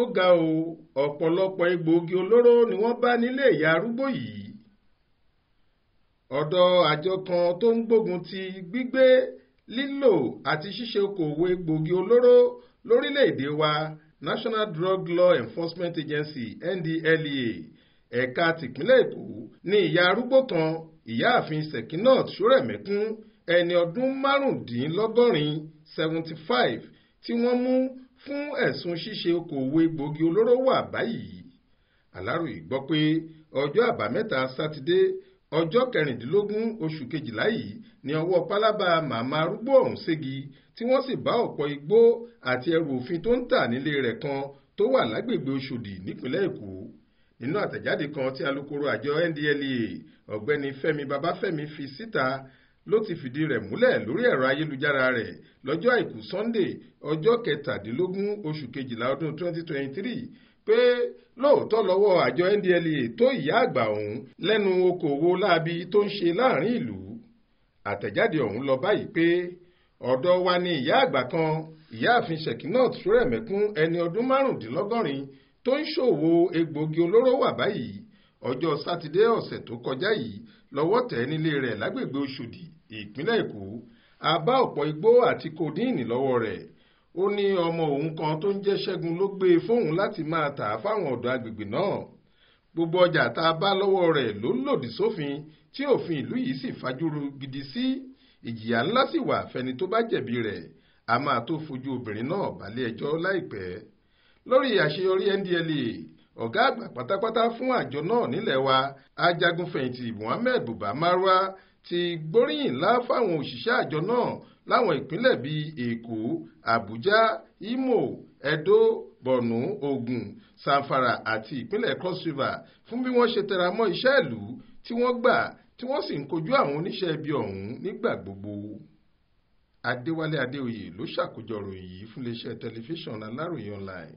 ó ga o ọ̀pọ̀lọpọ̀ egbòogi olóró ni wọ́n bá nílé ìyá arúgbó yìí ọ̀dọ̀ àjọ kan tó ń gbógun ti gbígbé lílò àti ṣíṣe okòwò egbòogi olóró lórílẹ̀‐èdè wa National Drug Law Enforcement Agency NDLEA ẹ̀ka tìpínlẹ̀ Èkó ni ìyá arúgbó kan ìyáàfin Sekinat Ṣórẹ̀mẹ́kún ẹni ọdún márùndínlọ́gọ́rin seventy five tí wọ́n mú fún ẹ̀sùn ṣíṣe okòòwò egbòogi olóró wà báyìí aláròye gbọ́ pé ọjọ́ àbámẹ́ta sátidé ọjọ́ kẹrìndínlógún oṣù kejìlá yìí ni ọwọ́ pálábá màmá arúgbó ọ̀hún ségi tí wọ́n sì bá ọ̀pọ̀ igbó àti ẹrù òfin tó ń tà nílé rẹ̀ kan tó wà lágbègbè Ọ̀ṣọ́dì nípínlẹ̀ Èkó nínú àtẹ̀jáde kan tí alukoro àjọ NDLEA ọ̀gbẹ́ni Fẹ́mi Babáfẹ́mi fi síta ló ti fìdí rẹ̀ múlẹ̀ lórí ẹ̀rọ ayélujára rẹ̀ lọ́jọ́ àìkú Sunday ọjọ́ kẹtàdínlógún oṣù kejìlá ọdún 2023 pé lóòótọ́ lọ́wọ́ àjọ NDLEA tó ìyá àgbà ọ̀hún lẹ́nu okòwò láabi tó ń ṣe láàrin ìlú àtẹ̀jáde ọ̀hún lọ báyìí pé ọ̀dọ̀ wa ni ìyá àgbà kan ìyáàfin Shekinat Ṣórẹ̀mẹ́kún ẹni ọdún márùndínlọ́gọ́rin tó ń ṣòwò egbòogi olóró wà báyìí ọjọ́ sátidé ọ̀sẹ̀ tó kọjá yìí lọ́wọ́ tẹ̀ nílé rẹ̀ lágbègbè Ọ̀ṣọ́dì ìpínlẹ̀ Èkó a bá ọ̀pọ̀ igbó àti kòdíìnì lọ́wọ́ rẹ̀ ó ní ọmọ òun kan tó ń jẹ́ Ṣẹ́gun ló gbé e fóun láti máa tà á fáwọn ọ̀dọ́ agbègbè náà gbogbo ọjà tá a bá lọ́wọ́ rẹ̀ ló ń lòdì sófin tí òfin ìlú yìí sì fajúro gidi sí ìjìyà ńlá sì wà fẹni tó bá jẹ̀bi rẹ̀ a máa tó fojú obìnrin náà balẹ̀ ẹjọ́ láìpẹ́ lórí àṣeyọrí NDLEA ọ̀gá àgbà pátápátá fún àjọ náà nílẹ̀ wa ajagunfẹ̀yìntì Mohammed Buba Marwa ti gbóríyìn ńlá fáwọn òṣìṣẹ́ àjọ náà láwọn ìpínlẹ̀ bíi Èkó Àbújá Imo edo Borno ogun Zamfara àti ìpínlẹ̀ Cross River fún bí wọ́n ṣe tẹra mọ́ iṣẹ́ ìlú tí wọ́n gbà tí wọ́n sì ń kojú àwọn oníṣẹ́ ibi ọ̀hún nígbà gbogbo. Adéwálé Adéoyè ló ṣàkójọ ròyìn yìí fún iléeṣẹ́ tẹlifíṣàn Aláròyé online.